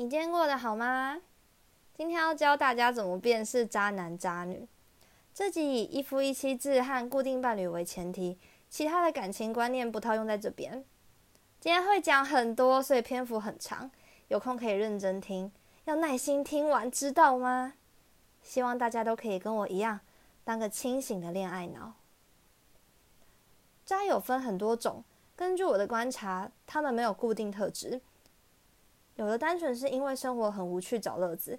你今天過得好嗎？今天要教大家怎麼辨識渣男渣女。這集以一夫一妻制和固定伴侶為前提，其他的感情觀念不套用在這邊。今天會講很多，所以篇幅很長，有空可以認真聽，要耐心聽完，知道嗎？希望大家都可以跟我一樣，當個清醒的戀愛腦。渣有分很多種，根據我的觀察，他們沒有固定特質。有的單純是因為生活很無趣找樂子，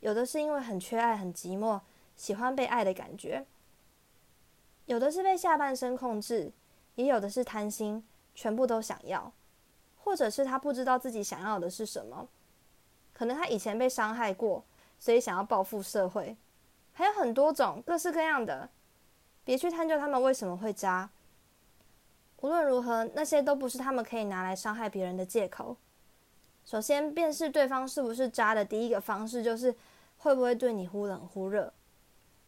有的是因為很缺愛很寂寞，喜歡被愛的感覺。有的是被下半身控制，也有的是貪心，全部都想要，或者是他不知道自己想要的是什麼。可能他以前被傷害過，所以想要報復社會。還有很多種各式各樣的，別去探究他們為什麼會渣。無論如何，那些都不是他們可以拿來傷害別人的借口。首先，辨識對方是不是渣的第一個方式就是，會不會對你忽冷忽熱。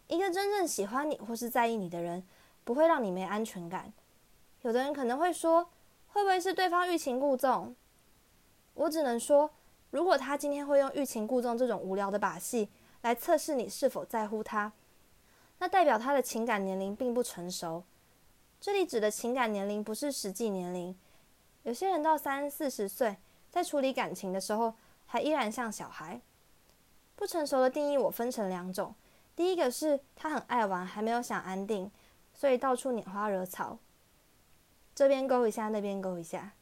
一個真正喜歡你或是在意你的人，不會讓你沒安全感。有的人可能會說，會不會是對方欲擒故縱？我只能說，如果他今天會用欲擒故縱這種無聊的把戲來測試你是否在乎他，那代表他的情感年齡並不成熟。這裡指的情感年齡不是實際年齡，有些人到三四十歲。在處理感情的時候，還依然像小孩，不成熟的定義我分成兩種。第一個是他很愛玩，還沒有想安定，所以到處拈花惹草，這邊勾一下，那邊勾一下。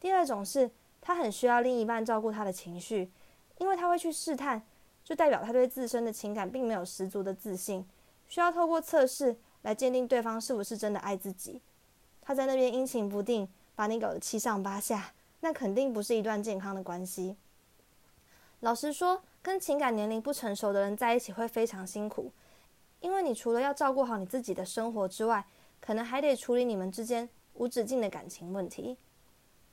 第二種是他很需要另一半照顧他的情緒，因為他會去試探，就代表他對自身的情感並沒有十足的自信，需要透過測試來鑑定對方是不是真的愛自己。他在那邊陰晴不定，把你搞得七上八下，那肯定不是一段健康的關係。老實說，跟情感年齡不成熟的人在一起會非常辛苦，因為你除了要照顧好你自己的生活之外，可能還得處理你們之間無止境的感情問題。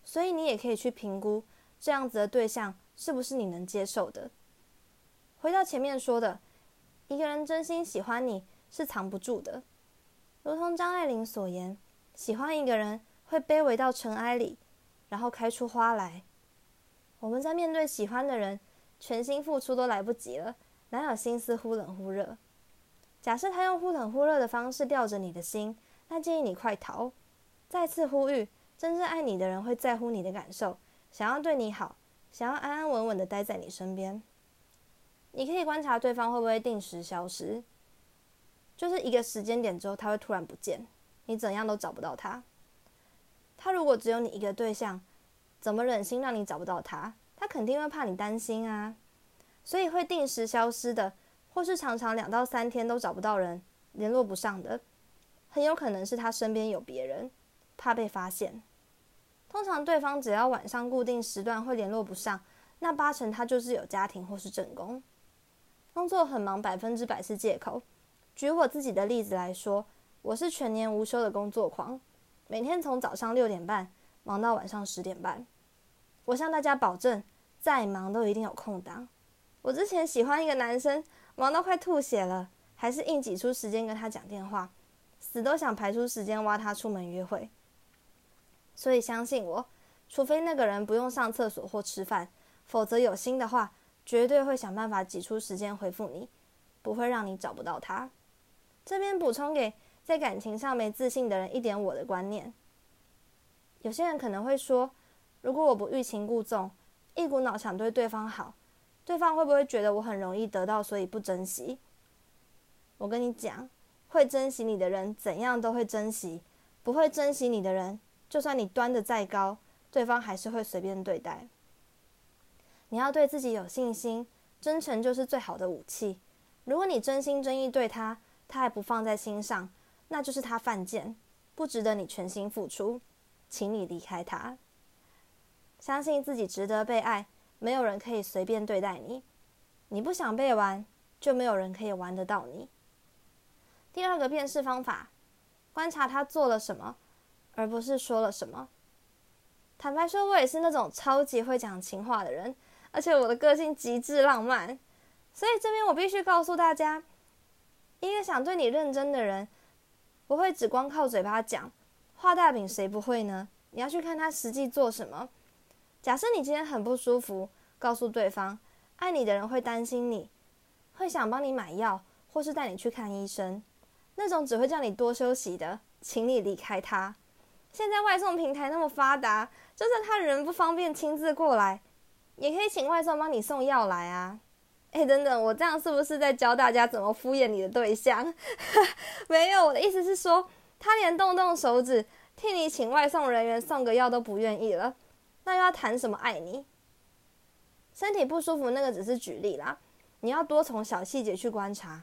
所以你也可以去評估這樣子的對象是不是你能接受的。回到前面說的，一個人真心喜歡你是藏不住的，如同張愛玲所言，喜歡一個人會卑微到塵埃裡。然後開出花來。我們在面對喜歡的人，全心付出都來不及了，哪有心思忽冷忽熱？假設他用忽冷忽熱的方式吊着你的心，那建議你快逃。再次呼籲，真正愛你的人會在乎你的感受，想要對你好，想要安安穩穩的待在你身邊。你可以觀察對方會不會定時消失，就是一個時間點之後他會突然不見，你怎樣都找不到他。他如果只有你一個對象，怎麼忍心讓你找不到他？他肯定會怕你擔心啊，所以會定時消失的，或是常常兩到三天都找不到人，聯絡不上的，很有可能是他身邊有別人，怕被發現。通常對方只要晚上固定時段會聯絡不上，那八成他就是有家庭或是正宮。工作很忙，百分之百是借口。舉我自己的例子來說，我是全年無休的工作狂。每天從早上六點半忙到晚上十點半，我向大家保證，再忙都一定有空檔。我之前喜歡一個男生，忙到快吐血了，還是硬擠出時間跟他講電話，死都想排出時間挖他出門約會。所以相信我，除非那個人不用上廁所或吃飯，否則有心的話，絕對會想辦法擠出時間回復你，不會讓你找不到他。這邊補充給，在感情上沒自信的人，一點我的觀念。有些人可能會說：“如果我不欲擒故縱，一股腦想對對方好，對方會不會覺得我很容易得到，所以不珍惜？”我跟你講，會珍惜你的人，怎樣都會珍惜；不會珍惜你的人，就算你端得再高，對方還是會隨便對待。你要對自己有信心，真誠就是最好的武器。如果你真心真意對他，他還不放在心上。那就是他犯賤，不值得你全心付出，請你離開他。相信自己值得被愛，沒有人可以隨便對待你。你不想被玩，就沒有人可以玩得到你。第二個辨識方法，觀察他做了什麼，而不是說了什麼。坦白說，我也是那種超級會講情話的人，而且我的個性極致浪漫，所以這邊我必須告訴大家，一個想對你認真的人，不會只光靠嘴巴講，畫大餅誰不會呢？你要去看他實際做什麼。假設你今天很不舒服，告訴對方，愛你的人會擔心你，會想幫你買藥或是帶你去看醫生。那種只會叫你多休息的，請你離開他。現在外送平台那麼發達，就算他人不方便親自過來，也可以請外送幫你送藥來啊。欸，等等，我這樣是不是在教大家怎麼敷衍你的對象？ 沒有，我的意思是說，他連動動手指替你請外送人員送個藥都不願意了，那又要談什麼愛你？身體不舒服那個只是舉例啦，你要多從小細節去觀察。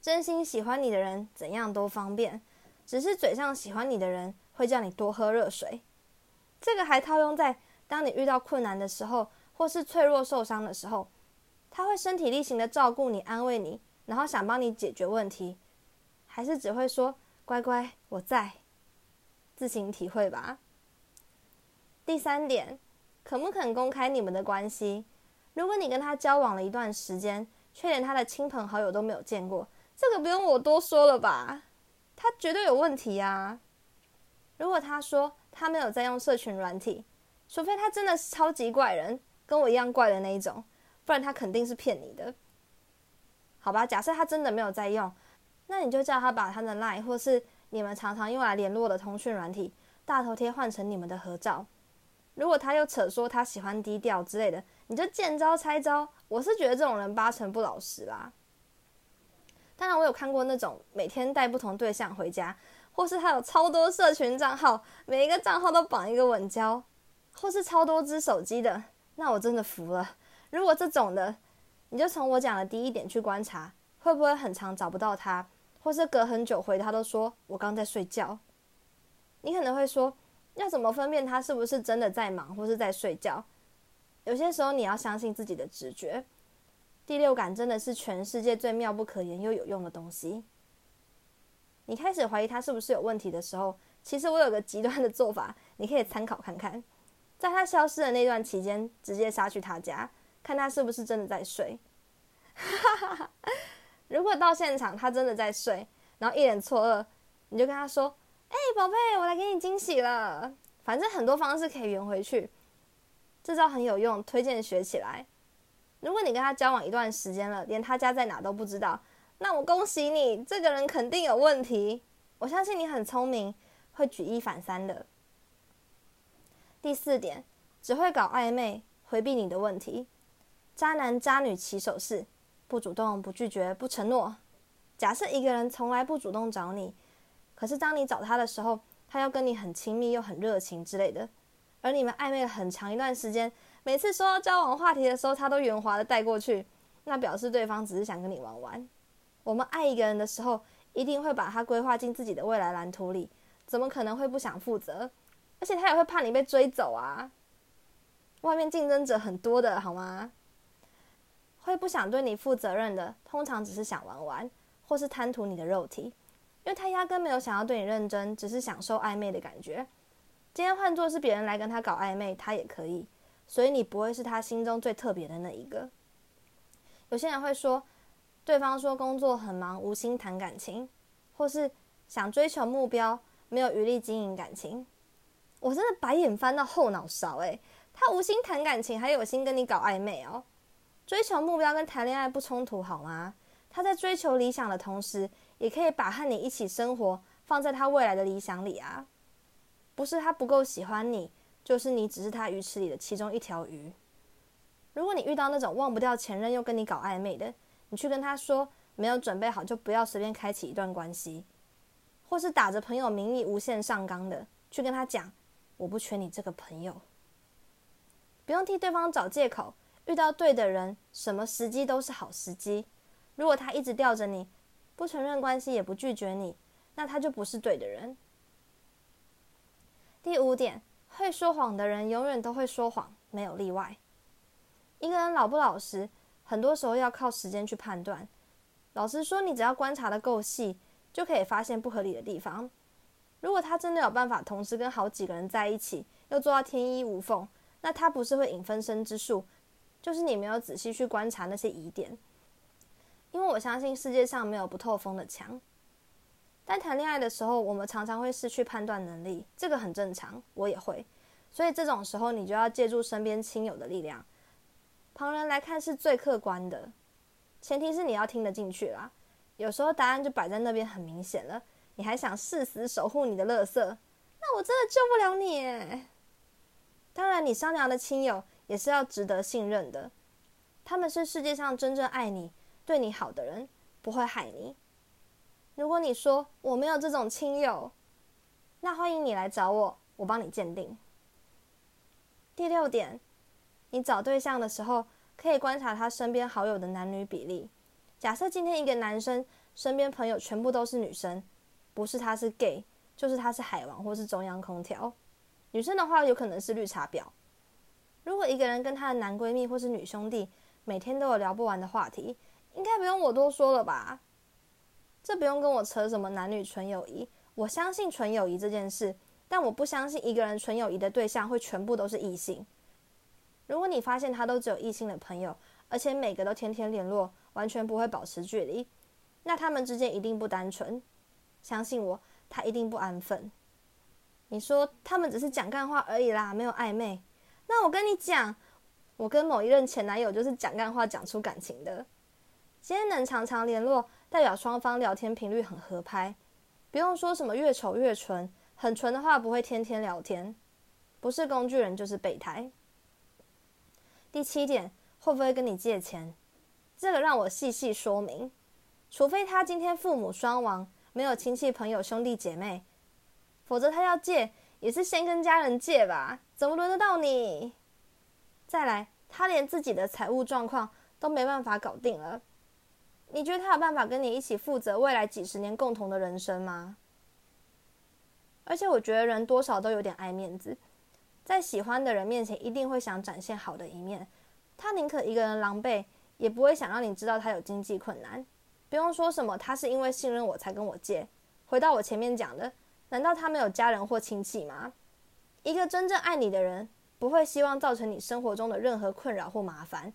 真心喜歡你的人怎樣都方便，只是嘴上喜歡你的人會叫你多喝熱水。這個還套用在當你遇到困難的時候，或是脆弱受傷的時候。他會身體力行的照顧你、安慰你，然後想幫你解決問題，還是只會說“乖乖，我在”，自行體會吧。第三點，肯不肯公開你們的關係？如果你跟他交往了一段時間，卻連他的親朋好友都沒有見過，這個不用我多說了吧？他絕對有問題啊！如果他說他沒有在用社群軟體，除非他真的是超級怪人，跟我一樣怪的那一種。不然他肯定是騙你的，好吧？假設他真的沒有在用，那你就叫他把他的 LINE 或是你們常常用來聯絡的通訊軟體大頭貼換成你們的合照。如果他又扯說他喜歡低調之類的，你就見招拆招。我是覺得這種人八成不老實啦。當然，我有看過那種每天帶不同對象回家，或是他有超多社群賬號，每一個賬號都綁一個穩交，或是超多隻手機的，那我真的服了。如果這種的，你就從我講的第一點去觀察，會不會很常找不到他，或是隔很久回他都說我剛在睡覺。你可能會說，要怎麼分辨他是不是真的在忙或是在睡覺？有些時候你要相信自己的直覺，第六感真的是全世界最妙不可言又有用的東西。你開始懷疑他是不是有問題的時候，其實我有個極端的做法，你可以參考看看。在他消失的那段期間，直接殺去他家。看他是不是真的在睡。 如果到現場他真的在睡，然後一臉錯愕，你就跟他說：“哎，寶貝，我來給你驚喜了。”反正很多方式可以圓回去，這招很有用，推薦學起來。如果你跟他交往一段時間了，連他家在哪都不知道，那我恭喜你，這個人肯定有問題。我相信你很聰明，會舉一反三的。第四點，只會搞曖昧，回避你的問題。渣男渣女起手式，不主動不拒絕不承諾。假設一個人從來不主動找你，可是當你找他的時候，他要跟你很親密又很熱情之類的，而你們曖昧了很長一段時間，每次說到交往話題的時候，他都圓滑的帶過去，那表示對方只是想跟你玩玩。我們愛一個人的時候，一定會把他規劃進自己的未來藍圖裡，怎麼可能會不想負責？而且他也會怕你被追走啊，外面競爭者很多的，好嗎？會不想對你負責任的，通常只是想玩玩，或是貪圖你的肉體，因為他壓根沒有想要對你認真，只是享受曖昧的感覺。今天換作是別人來跟他搞曖昧，他也可以，所以你不會是他心中最特別的那一個。有些人會說，對方說工作很忙，無心談感情，或是想追求目標，沒有餘力經營感情。我真的白眼翻到後腦勺，欸，哎，他無心談感情，還有心跟你搞曖昧哦。追求目標跟談戀愛不衝突好嗎？他在追求理想的同時，也可以把和你一起生活放在他未來的理想裡啊。不是他不夠喜歡你，就是你只是他魚池裡的其中一條魚。如果你遇到那種忘不掉前任又跟你搞曖昧的，你去跟他說沒有準備好就不要隨便開啟一段關係，或是打着朋友名義無限上綱的，去跟他講我不缺你這個朋友，不用替對方找借口。遇到對的人，什麼時機都是好時機。如果他一直吊着你，不承認關係也不拒絕你，那他就不是對的人。第五點，會說謊的人永遠都會說謊，沒有例外。一個人老不老實，很多時候要靠時間去判斷。老實說，你只要觀察得夠細，就可以發現不合理的地方。如果他真的有辦法同時跟好幾個人在一起，又做到天衣無縫，那他不是會影分身之術？就是你沒有仔細去觀察那些疑點，因為我相信世界上沒有不透風的牆。但談戀愛的時候，我們常常會失去判斷能力，這個很正常，我也會。所以這種時候，你就要借助身邊親友的力量，旁人來看是最客觀的。前提是你要聽得進去啦。有時候答案就擺在那邊，很明顯了，你還想誓死守護你的樂色？那我真的救不了你誒。當然，你商量的親友。也是要值得信任的，他們是世界上真正愛你、對你好的人，不會害你。如果你說我沒有這種親友，那歡迎你來找我，我幫你鑑定。第六點，你找對象的時候可以觀察他身邊好友的男女比例。假設今天一個男生身邊朋友全部都是女生，不是他是 gay，就是他是海王或是中央空調。女生的話，有可能是綠茶婊。如果一個人跟他的男閨蜜或是女兄弟每天都有聊不完的話題，應該不用我多說了吧？這不用跟我扯什麼男女純友誼，我相信純友誼這件事，但我不相信一個人純友誼的對象會全部都是異性。如果你發現他都只有異性的朋友，而且每個都天天聯絡，完全不會保持距離，那他們之間一定不單純。相信我，他一定不安分。你說他們只是講幹話而已啦，沒有曖昧。那我跟你講，我跟某一任前男友就是講幹話講出感情的。今天能常常聯絡，代表雙方聊天頻率很合拍。不用說什麼越醜越純，很純的話不會天天聊天，不是工具人就是備胎。第七點，會不會跟你借錢？這個讓我細細說明。除非他今天父母雙亡，沒有親戚朋友兄弟姐妹，否則他要借也是先跟家人借吧。怎麼輪得到你？再來，他連自己的財務狀況都沒辦法搞定了，你覺得他有辦法跟你一起負責未來幾十年共同的人生嗎？而且我覺得人多少都有點愛面子，在喜歡的人面前一定會想展現好的一面，他寧可一個人狼狽，也不會想讓你知道他有經濟困難。不用說什麼，他是因為信任我才跟我借。回到我前面講的，難道他沒有家人或親戚嗎？一個真正愛你的人，不會希望造成你生活中的任何困擾或麻煩。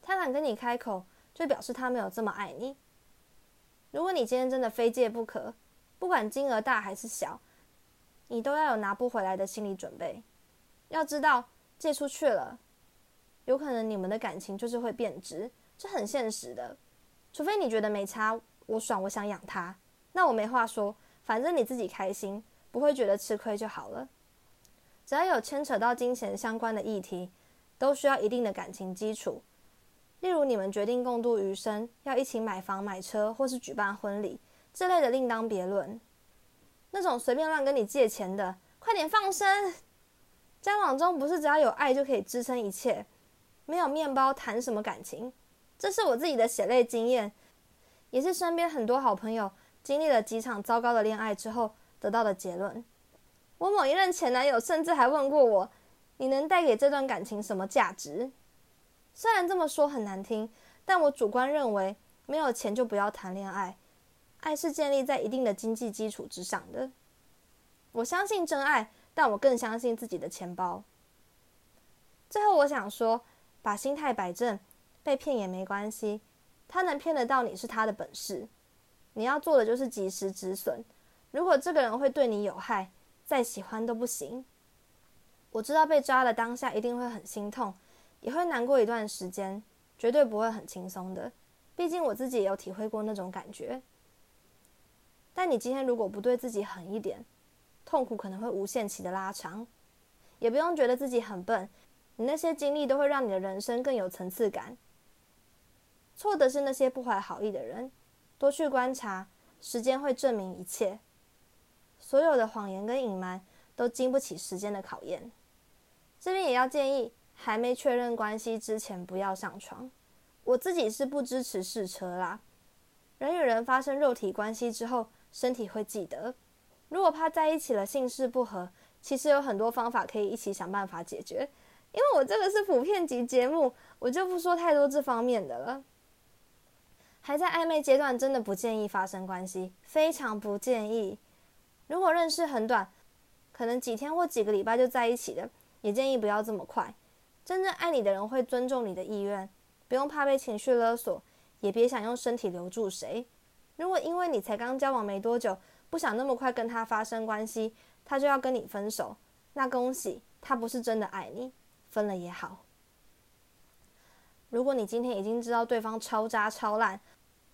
他敢跟你開口，就表示他沒有這麼愛你。如果你今天真的非借不可，不管金額大還是小，你都要有拿不回來的心理準備。要知道，借出去了，有可能你們的感情就是會變質，這很現實的。除非你覺得沒差，我爽，我想養他，那我沒話說，反正你自己開心，不會覺得吃虧就好了。只要有牽扯到金錢相關的議題，都需要一定的感情基礎。例如你們決定共度餘生，要一起買房買車，或是舉辦婚禮之類的，另當別論。那種隨便亂跟你借錢的，快點放生！交往中不是只要有愛就可以支撐一切，沒有麵包談什麼感情。這是我自己的血淚經驗，也是身邊很多好朋友經歷了幾場糟糕的戀愛之後得到的結論。我某一任前男友甚至還問過我：“你能帶給這段感情什麼價值？”雖然這麼說很難聽，但我主觀認為，沒有錢就不要談戀愛。愛是建立在一定的經濟基礎之上的。我相信真愛，但我更相信自己的錢包。最後，我想說，把心態擺正，被騙也沒關係。他能騙得到你，是他的本事。你要做的就是及時止損。如果這個人會對你有害，再喜歡都不行。我知道被渣了當下一定會很心痛，也會難過一段時間，絕對不會很輕鬆的。畢竟我自己也有體會過那種感覺。但你今天如果不對自己狠一點，痛苦可能會無限期的拉長。也不用覺得自己很笨，你那些經歷都會讓你的人生更有層次感。錯的是那些不懷好意的人。多去觀察，時間會證明一切。所有的謊言跟隱瞞都經不起時間的考驗。這邊也要建議，還沒確認關係之前不要上床。我自己是不支持試車啦。人與人發生肉體關係之後，身體會記得。如果怕在一起了，性事不合，其實有很多方法可以一起想辦法解決。因為我這個是普遍級節目，我就不說太多這方面的了。還在曖昧階段，真的不建議發生關係，非常不建議。如果認識很短，可能幾天或幾個禮拜就在一起的，也建議不要這麼快。真正愛你的人會尊重你的意願，不用怕被情緒勒索，也別想用身體留住誰。如果因為你才剛交往沒多久，不想那麼快跟他發生關係，他就要跟你分手，那恭喜他不是真的愛你，分了也好。如果你今天已經知道對方超渣超爛，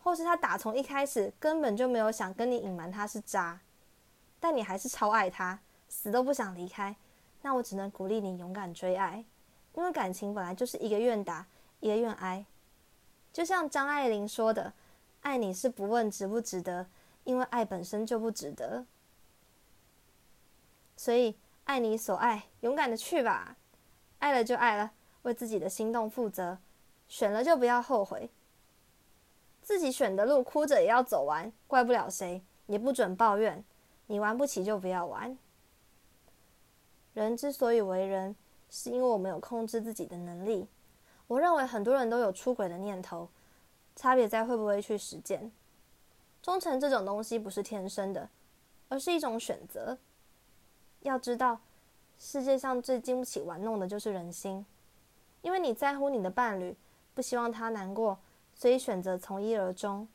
或是他打從一開始根本就沒有想跟你隱瞞他是渣。但你還是超愛他，死都不想離開。那我只能鼓勵你勇敢追愛，因為感情本來就是一個願打一個願挨。就像張愛玲說的：“愛你是不問值不值得，因為愛本身就不值得。”所以，愛你所愛，勇敢的去吧。愛了就愛了，為自己的心動負責。選了就不要後悔，自己選的路哭着也要走完，怪不了誰，也不准抱怨。你玩不起就不要玩。人之所以為人，是因為我們有控制自己的能力。我認為很多人都有出軌的念頭，差別在會不會去實踐。忠誠這種東西不是天生的，而是一種選擇。要知道，世界上最經不起玩弄的就是人心。因為你在乎你的伴侶，不希望他難過，所以選擇從一而終。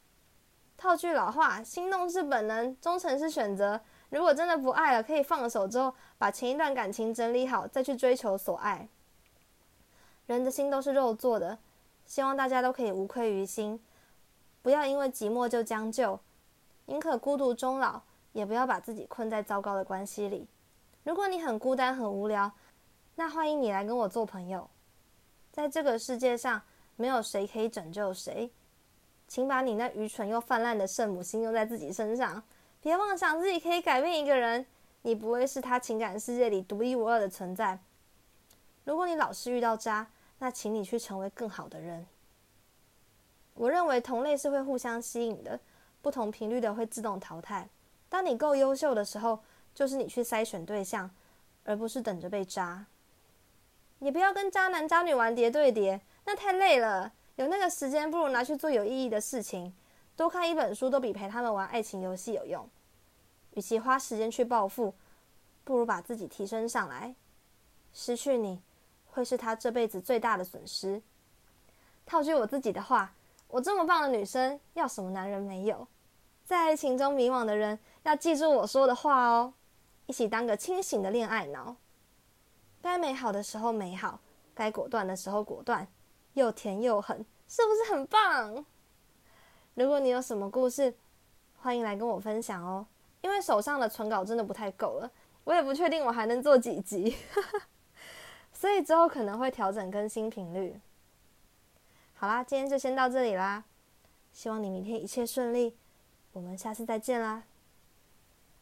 套句老話，心動是本能，忠誠是選擇。如果真的不愛了，可以放手之後，把前一段感情整理好，再去追求所愛。人的心都是肉做的，希望大家都可以無愧於心，不要因為寂寞就將就，寧可孤獨終老，也不要把自己困在糟糕的關係裡。如果你很孤單、很無聊，那歡迎你來跟我做朋友。在這個世界上，沒有誰可以拯救誰。請把你那愚蠢又氾濫的聖母心用在自己身上，別妄想自己可以改變一個人。你不會是他情感世界裡獨一無二的存在。如果你老是遇到渣，那請你去成為更好的人。我認為同類是會互相吸引的，不同頻率的會自動淘汰。當你夠優秀的時候，就是你去篩選對象，而不是等着被渣。你不要跟渣男渣女玩諜對諜，那太累了。有那個時間，不如拿去做有意義的事情。多看一本書，都比陪他們玩愛情遊戲有用。與其花時間去報復，不如把自己提升上來。失去你會是他這輩子最大的損失。套句我自己的話，我這麼棒的女生，要什麼男人沒有？在愛情中迷惘的人，要記住我說的話哦。一起當個清醒的戀愛腦。該美好的時候美好，該果斷的時候果斷。又甜又狠，是不是很棒？如果你有什麼故事，歡迎來跟我分享哦。因為手上的存稿真的不太夠了，我也不確定我還能做幾集，呵呵，所以之後可能會調整更新頻率。好啦，今天就先到這裡啦，希望你明天一切順利，我們下次再見啦。